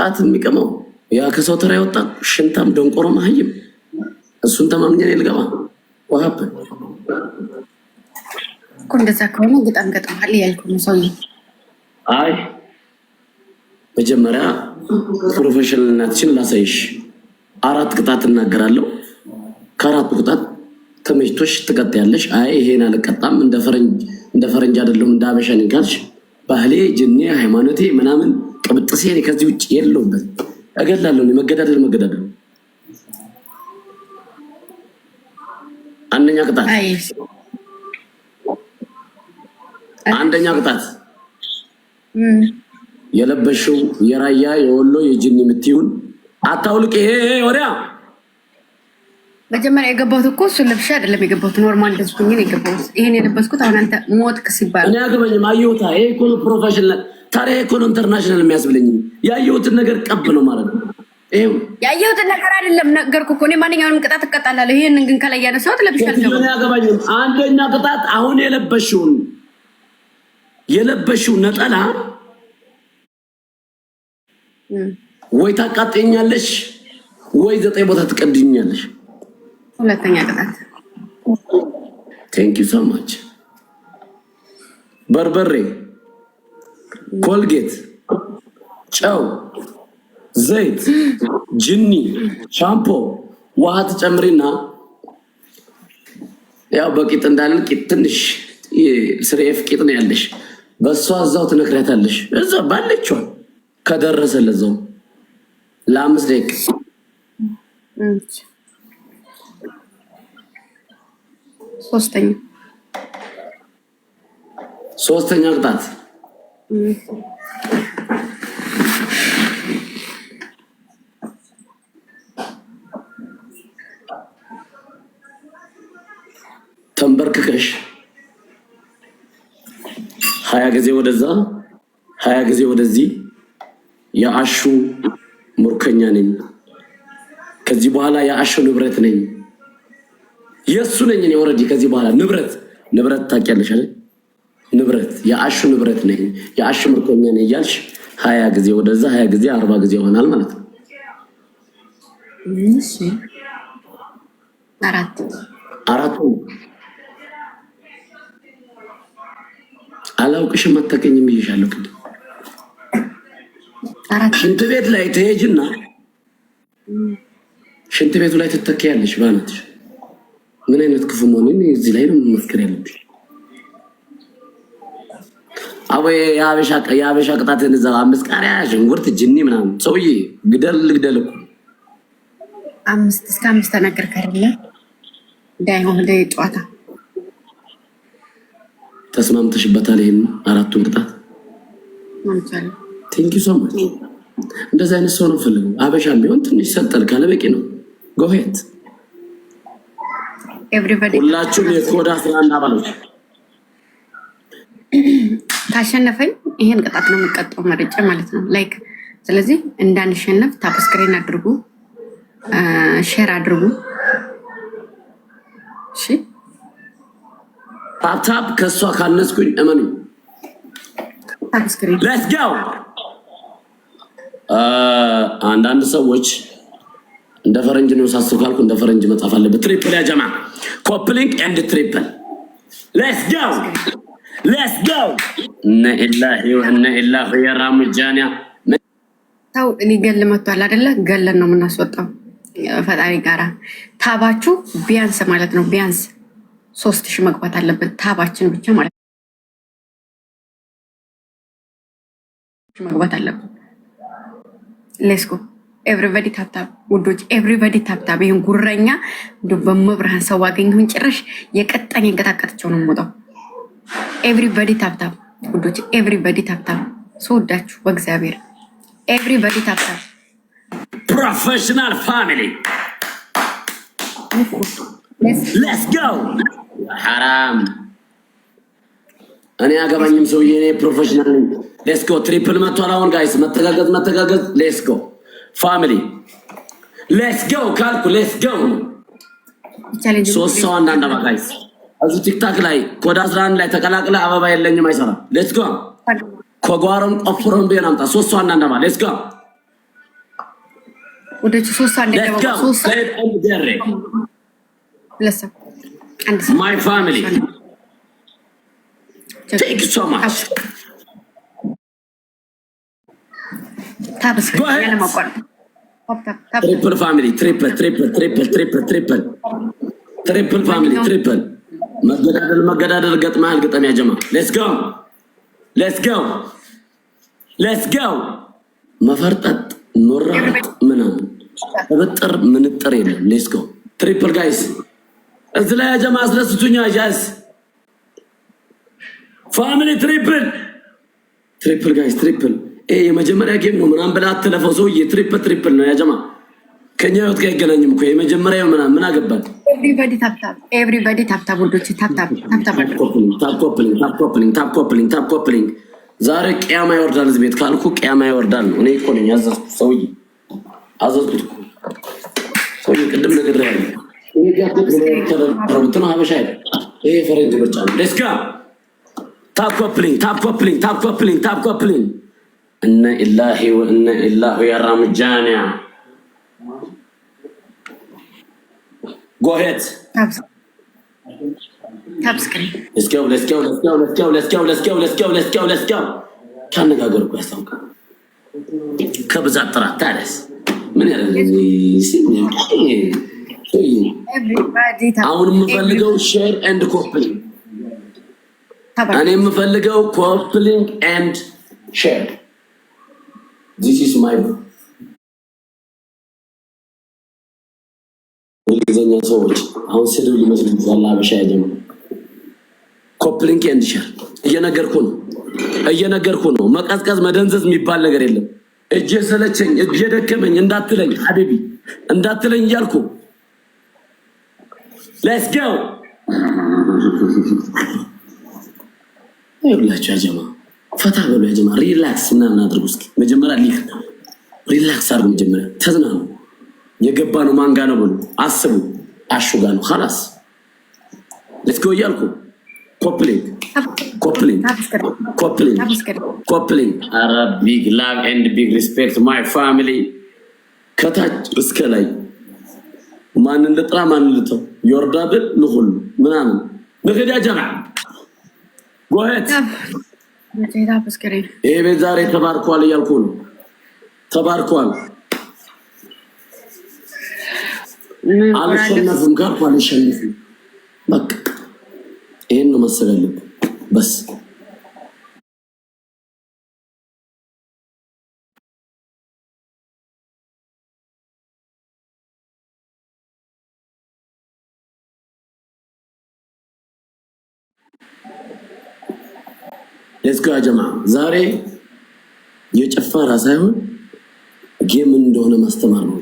ጫት የሚቀመው ያ ከሰው ተራ ያወጣ ሽንታም ደንቆሮ ማህይም እሱን ተማምኘን ልገባ ዋሀብ እኮ እንደዛ ከሆነ በጣም ገጥመሃል እያልኩ ነው ሰውዬ። አይ መጀመሪያ ፕሮፌሽናልነታችን ላሳይሽ። አራት ቅጣት እናገራለሁ። ከአራቱ ቅጣት ተመችቶሽ ትቀጥያለሽ። አይ ይሄን አልቀጣም እንደ ፈረንጅ አይደለሁም እንደ አበሻ ነኝ ካልሽ ባህሌ፣ ጅኔ፣ ሃይማኖቴ ምናምን ሲሄድ ከዚህ ውጭ የለውበት። እገላለሁ። መገዳደል መገዳደሉ አንደኛ ቅጣት አንደኛ ቅጣት የለበሽው የራያ የወሎ የጅን የምትሆን አታውልቅ። ይሄ ወዲያ መጀመሪያ የገባሁት እኮ እሱን ለብሼ አይደለም የገባሁት፣ ኖርማል ደዝኩኝ የገባሁት። ይሄን የለበስኩት አሁን አንተ ሞት ክስ ይባላል። እኔ አገበኝም አየሁታ። ይሄ እኮ ፕሮፌሽናል ታዲያ የኮኖ ኢንተርናሽናል የሚያስብለኝ ያየሁትን ነገር ቀብ ነው ማለት ነው። ይኸው ያየሁትን ነገር አይደለም ነገርኩ እኮ እኔ ማንኛውንም ቅጣት እቀጣላለሁ። ይህንን ግን ከላይ ያነሳሁት ለብሻል ያገባኝም አንደኛ ቅጣት አሁን የለበሽውን የለበሽው ነጠላ ወይ ታቃጠኛለሽ ወይ ዘጠኝ ቦታ ትቀድኛለሽ። ሁለተኛ ቅጣት ቴንክ ዩ ሶ ማች በርበሬ ኮልጌት፣ ጨው፣ ዘይት፣ ጅኒ፣ ሻምፖ፣ ውሃ ትጨምሪና ያው በቂጥ እንዳለን ቂጥ ትንሽ ስሬፍ ቂጥ ነው ያለሽ። በእሷ እዛው ትነክሪያታለሽ። እዛ ባለችዋል ከደረሰ ለዛው ለአምስት ደቂቃ ሶስተኛ ሶስተኛ ቅጣት ተንበርክከሽ ሀያ ጊዜ ወደዛ ሀያ ጊዜ ወደዚህ የአሹ ሙርከኛ ነኝ፣ ከዚህ በኋላ የአሹ ንብረት ነኝ፣ የእሱ ነኝ። ወረዲ ከዚህ በኋላ ንብረት ንብረት ታውቂያለሽ አይደል? ንብረት የአሹ ንብረት ነኝ፣ የአሹ ምርኮኛ ነኝ እያልሽ ሀያ ጊዜ ወደዛ ሀያ ጊዜ አርባ ጊዜ ይሆናል ማለት ነው። አራቱ አላውቅሽም አታውቅኝም ብዬሻለሁ። ቅድም ሽንት ቤት ላይ ትሄጅና ሽንት ቤቱ ላይ ትተኪያለሽ። በእናትሽ ምን አይነት ክፉ መሆኑን እዚህ ላይ ነው መመስከር ያለብሽ። አቦ የአበሻ ቅጣት ንዛ አምስት ቃሪያ ሽንኩርት ጅኒ ምናምን ሰውዬ ግደል ግደል እኮ አምስት እስከ አምስት ተነገር ከርለ እንዳይሆን ጨዋታ ተስማምተሽበታል። ይህን አራቱን ቅጣት ቴንኪ ሶ ማች። እንደዚህ አይነት ሰው ነው ፈልገው። አበሻ ቢሆን ትንሽ ሰጠል ካለ በቂ ነው። ጎሄት ሁላችሁም የኮዳ ስራ እና አባሎች ካሸነፈኝ ይሄን ቅጣት ነው የሚቀጣው፣ መርጬ ማለት ነው ላይክ። ስለዚህ እንዳንሸነፍ ታፕስክሬን አድርጉ፣ ሼር አድርጉ። እሺ ታፕታፕ ከእሷ ካነስኩኝ እመኑኝ። ታፕስክሬን ሌትስ ጎ። አንዳንድ ሰዎች እንደ ፈረንጅ ነው ሳስብ ካልኩ እንደ ፈረንጅ መጻፍ አለበት። ትሪፕል ያጀማ ኮፕሊንግ ኤንድ ትሪፕል ሌትስ ጎ ራሙጃኒያ ሰው እኔ ገል መቷል አይደለ? ገለን ነው የምናስወጣው ፈጣሪ ጋራ። ታባችሁ ቢያንስ ማለት ነው ቢያንስ ሶስት ሺህ መግባት አለበት። ታባችን ብቻ ማለት መግባት አለብን። ሌስኮ ኤቭሪበዲ ታብታብ ውዶች፣ ኤቭሪበዲ ታብታብ። ይህን ጉረኛ በመብርሃን ሰው አገኘሁኝ። ጭራሽ የቀጣኝ የንቀጣቀጥቸው ነው የምወጣው ኤቭሪበዲ ታብታብ ውዶች፣ ኤቭሪበዲ ታብታብ ስወዳችሁ በእግዚአብሔር ኤቭሪበዲ ታብታብ ፕሮፌሽናል ፋሚሊ ሌትስ ጎ ሐራም እኔ አገባኝም ሰውዬ እኔ ፕሮፌሽናል ሌትስ ጎ ትሪፕል መጥቷል። አሁን ጋይስ መተጋገዝ መተጋገዝ ሌትስ ጎ ፋሚሊ ሌትስ ጎ ካልኩ ሌትስ ጎ ሶስት ሰው አንዳንድ ጋይስ እዚህ ቲክታክ ላይ ኮድ 11 ላይ ተቀላቅለ አበባ የለኝም አይሰራም። ሌትስ ጎ ኮጓሮን ቆፍሮን ቢሆን አምጣ ሶስት ዋና እንደማ ሌትስ ጎ ማይ ፋሚሊ ቴንክ ዩ ሶ ማች ትሪፕል ፋሚሊ ትሪፕል ትሪፕል ትሪፕል ትሪፕል ትሪፕል ፋሚሊ ትሪፕል መገዳደል መገዳደል ገጥመሃል። ግጠም ያጀማ ሌትስ ጎ ሌትስ ጎ ሌትስ ጎ። መፈርጠጥ ኖራት ምናምን ጥብጥር ምንጥር የለም። ሌትስ ጎ ትሪፕል ጋይስ እዚ ላይ ያጀማ አስደስቱኛ ጃዝ ፋሚሊ ትሪፕል ትሪፕል ጋይስ ትሪፕል። ይሄ የመጀመሪያ ጌም ነው ምናምን ብላ አትለፈው ሰውዬ። ትሪፕል ትሪፕል ነው ያጀማ ከኛ ህይወት ጋር አይገናኝም እኮ የመጀመሪያው ምናምን ምን አገባል። ኤቭሪበዲ ታፕታፕ ዛሬ ቅያማ ይወርዳል። እዚህ ቤት ካልኩ ቅያማ ይወርዳል እኔ እኮ ነኝ አዘዝኩት፣ ሰውዬ አዘዝኩት እኮ ሰውዬ። ቅድም ያለ ተረብትነ ሀበሻ ይሄ ፈረንጅ ብቻ ነው። ደስጋ ታፕኮፕሊንግ ታፕኮፕሊንግ ታፕኮፕሊንግ ታፕኮፕሊንግ እነ ኢላሂ ወእነ ኢላሁ ያራምጃንያ ጎሄት እስኪው ከአነጋገር እኮ ያስታውቃል። ከብዛት ጥራት ታዲያስ ምን አሁን የምፈልገው ሼር ኤንድ ኮፕሊንግ እኔ የምፈልገው ኮፕሊንግ ኤንድ ሼር ዚስ ኢዝ ማይ የእንግሊዝኛ ሰዎች አሁን ስድብ ሊመስል ይዛል። አበሻ ያጀም ኮፕሊንግ ኤንድ እየነገርኩ ነው፣ እየነገርኩ ነው። መቀዝቀዝ መደንዘዝ የሚባል ነገር የለም። እጅ ሰለቸኝ፣ እጅ ደከመኝ እንዳትለኝ፣ ሀቢቢ እንዳትለኝ እያልኩ ሌትስ ጎ ይብላችሁ። ያጀማ ፈታ በሉ ያጀማ፣ ሪላክስ እና እናድርጉ እስኪ። መጀመሪያ ሊክ ሪላክስ አድርጉ። መጀመሪያ ተዝናኑ። የገባ ነው ማንጋ ነው ብሎ አስቡ። አሹጋ ነው ላስ ልትገ እያልኩ ኮፕሊንግ ኮፕሊንግ ቢግ ላቭ ኤንድ ቢግ ሪስፔክት ማይ ፋሚሊ ከታች እስከ ላይ ማንን ልጥራ ማንን ልተው ዮርዳብን ንሁሉ ምናምን ንክዳ ጀማ ጎሄት ይሄ ቤት ዛሬ ተባርኳል እያልኩ ነው። ተባርኳል አልሸነፍም ካልኩ አልሸነፍም። በቃ ይህን ነው መሰል በስ ሌስኮ ጀማ ዛሬ የጭፈራ ሳይሆን ጌም እንደሆነ ማስተማር ነው።